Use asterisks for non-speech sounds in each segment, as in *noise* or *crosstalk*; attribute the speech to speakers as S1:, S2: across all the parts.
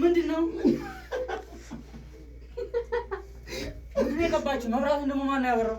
S1: ምንድን ነው የቀባችሁ? መብራቱን ደግሞ ማነው ያበራው?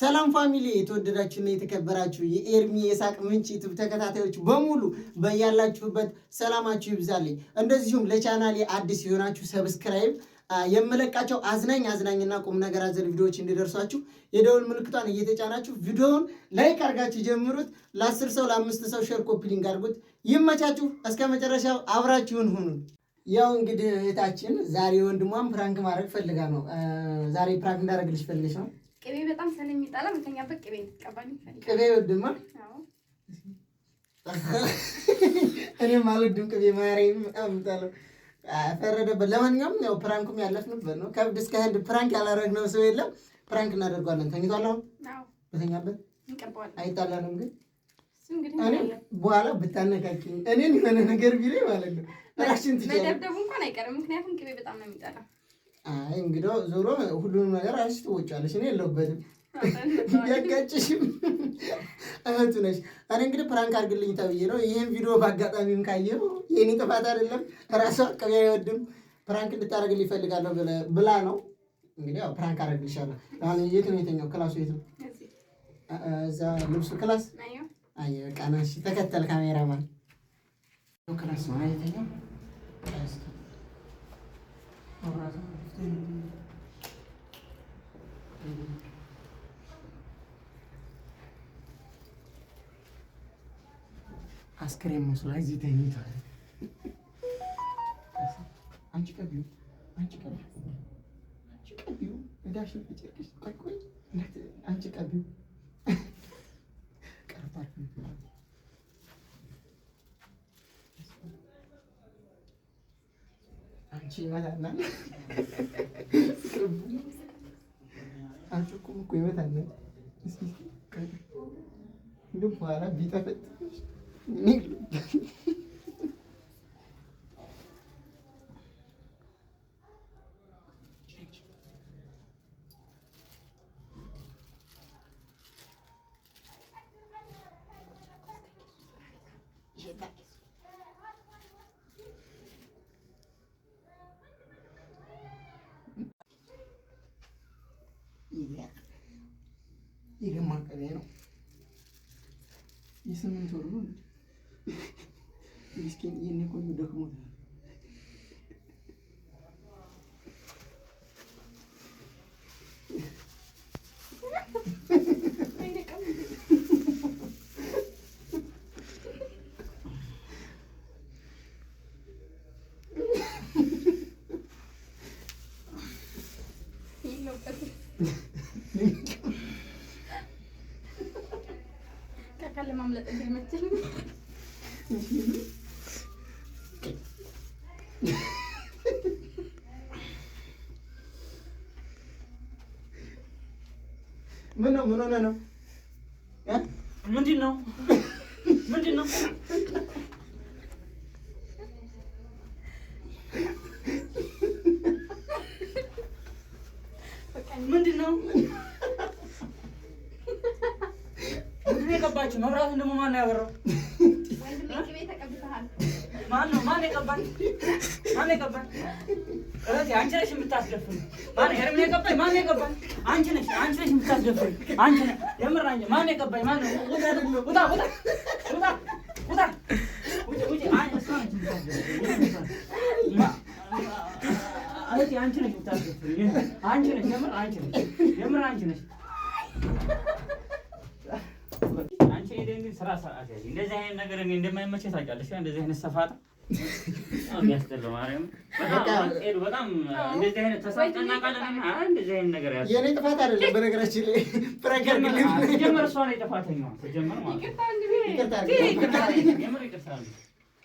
S1: ሰላም ፋሚሊ የተወደዳችሁና የተከበራችሁ የኤርሚ የሳቅ ምንጭ ዩቱብ ተከታታዮች በሙሉ በያላችሁበት ሰላማችሁ ይብዛልኝ። እንደዚሁም ለቻናሌ አዲስ የሆናችሁ ሰብስክራይብ፣ የምለቃቸው አዝናኝ አዝናኝና ቁም ነገር አዘል ቪዲዮዎች እንዲደርሷችሁ የደውል ምልክቷን እየተጫናችሁ ቪዲዮውን ላይክ አርጋችሁ ጀምሩት። ለአስር ሰው ለአምስት ሰው ሼር ኮፒሊንግ አድርጉት። ይመቻችሁ። እስከ መጨረሻው አብራችሁን ሁኑ። ያው እንግዲህ እህታችን ዛሬ ወንድሟን ፕራንክ ማድረግ ፈልጋ ነው። ዛሬ ፕራንክ እንዳደረግልሽ ፈልገሽ ነው
S2: ቅቤ በጣም ስለሚጣላ መተኛበት ቅቤ እንድትቀባኝ
S1: ቅቤ ወድማ *laughs* እኔም አልወድም ቅቤ ማርያም እምጣለሁ ፈረደበት። ለማንኛውም ያው ፕራንኩም ያለፍንበት ነው። ከብድ እስከ ህንድ ፕራንክ ያላረግነው ሰው የለም። ፕራንክ እናደርጓለን። ተኝቷል አሁን በተኛበት አይጣላንም ግን በኋላ ብታነካኪኝ እኔን የሆነ ነገር ቢለኝ ማለት ነው ራሽን ትችላለህ
S2: መደብደቡ እንኳን አይቀርም። ምክንያቱም ቅቤ በጣም ነው የሚጠላው
S1: አይ እንግዲህ ዞሮ ሁሉንም ነገር አንቺ ትወጫለሽ፣ እኔ የለሁበትም። ያጋጭሽም እህቱ ነሽ። እኔ እንግዲህ ፕራንክ አድርግልኝ ተብዬ ነው። ይህን ቪዲዮ በአጋጣሚም ካየው የኔ ጥፋት አይደለም፣ ራሱ አቅም አይወድም። ፕራንክ እንድታደርግልኝ ይፈልጋለሁ ብላ ነው። እንግዲህ ያው ፕራንክ አደርግልሻለሁ። አሁን የት ነው የተኛው? ክላሱ የት ነው? እዛ ልብሱ ክላስ። አይ በቃ ና እሺ፣ ተከተል ካሜራማን። ክላስ ነው የተኛው አስክሬን መስላ እዚህ ተኝቷል። አንቺ ቀቢው አንቺ ቀቢው አንቺ ቀቢው ይመታናል። አንቺ እኮ እኮ ይመታናል። እንደው በኋላ ቢጠፈጥ የስምንት ወር ነው። *laughs* ምስኪን ይህን ቆዩ ደክሞታል። ምን ሆነ ነው? ምንድን ነው? ምንድን ነው? አበራችሁ? መብራቱን ደግሞ ማነው ያበራው? ማነው ማነው የቀባኝ? ማነው የቀባኝ? እህቴ አንቺ ነሽ የቀባኝ? አንቺ ነሽ አንቺ ነሽ የምር አንቺ። ማነው የቀባኝ? አንቺ ነሽ አንቺ ነሽ የምር አንቺ ነሽ የምር አንቺ ነሽ መቼ ታውቂያለሽ? እንደዚህ አይነት ሰፋጣ የሚያስጠላው ማርያም በጣም እንደዚህ አይነት ተሳጠና ቃለና እንደዚህ አይነት ነገር ያለ የኔ ጥፋት አይደለም። በነገራችን ላይ ፍራንከር ነው ጀመር እሷ ነው የጥፋተኛዋ ተጀመር ማለት ይቅርታ እንግዲህ ይቅርታ ይቅርታ የምር ይቅርታ ሻምፖ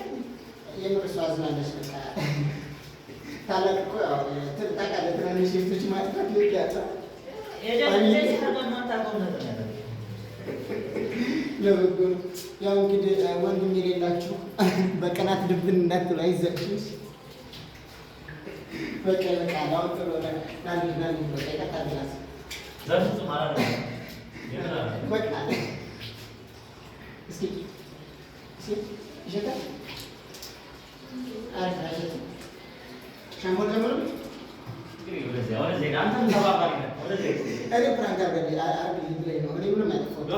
S1: ታዝናለች። በቃ ታላቅ እኮ ታውቃለህ፣ ትናንሽ ቤቶች ማጥፋት ልያጣ ለበጎ ያው እንግዲህ ወንድም የሌላችሁ በቀናት ድብን እንዳትሉ አይዘችሁ። በቃ በቃ አሁን ጥሩ ናንድ ናንድ በቃ ይቀጣል። በቃ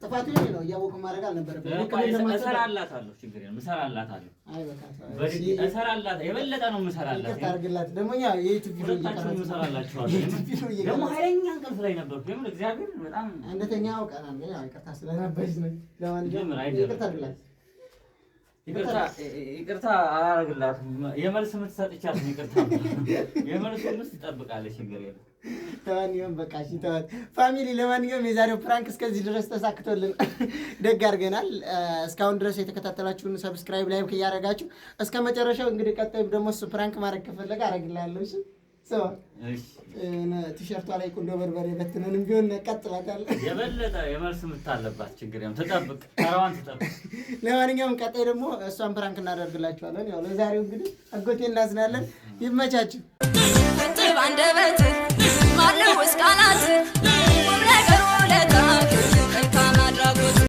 S1: ጥፋቱ የእኔ ነው። ማድረግ እሰራላታለሁ፣ ችግር የለም እሰራላታለሁ። የበለጠ ነው ደግሞ እሰራላችኋለሁ። ደግሞ ኃይለኛ እንቅልፍ ላይ ነበርኩ። እግዚአብሔር በጣም አውቀናል። ይቅርታ ስለነበረች ነው። ለማንኛውም ይቅርታ የመልስ ምት ይቅርታ የመልስ ምት ትጠብቃለች። ችግር የለም ለማንኛውም በቃ እሺ ተዋት ፋሚሊ። ለማንኛውም የዛሬው ፕራንክ እስከዚህ ድረስ ተሳክቶልን *laughs* ደግ አድርገናል። እስካሁን ድረስ የተከታተላችሁን ሰብስክራይብ ላይ እያደረጋችሁ እስከ መጨረሻው እንግዲህ፣ ቀጣይ ደግሞ እሱ ፕራንክ ማድረግ ከፈለገ አደርግላለሁ። እሺ ቲሸርቷ ላይ ቁንዶ በርበሬ በትነንም ቢሆን ቀጥላታል። የበለጠ የመልስ የምታለባት ችግር ትጠብቅ ተራዋን ትጠብቅ። *laughs* ለማንኛውም ቀጣይ ደግሞ እሷን ፕራንክ እናደርግላችኋለን። ያው ለዛሬው እንግዲህ አጎቴ እናዝናለን። ይመቻችሁ። አንደበት አለው እስቃላት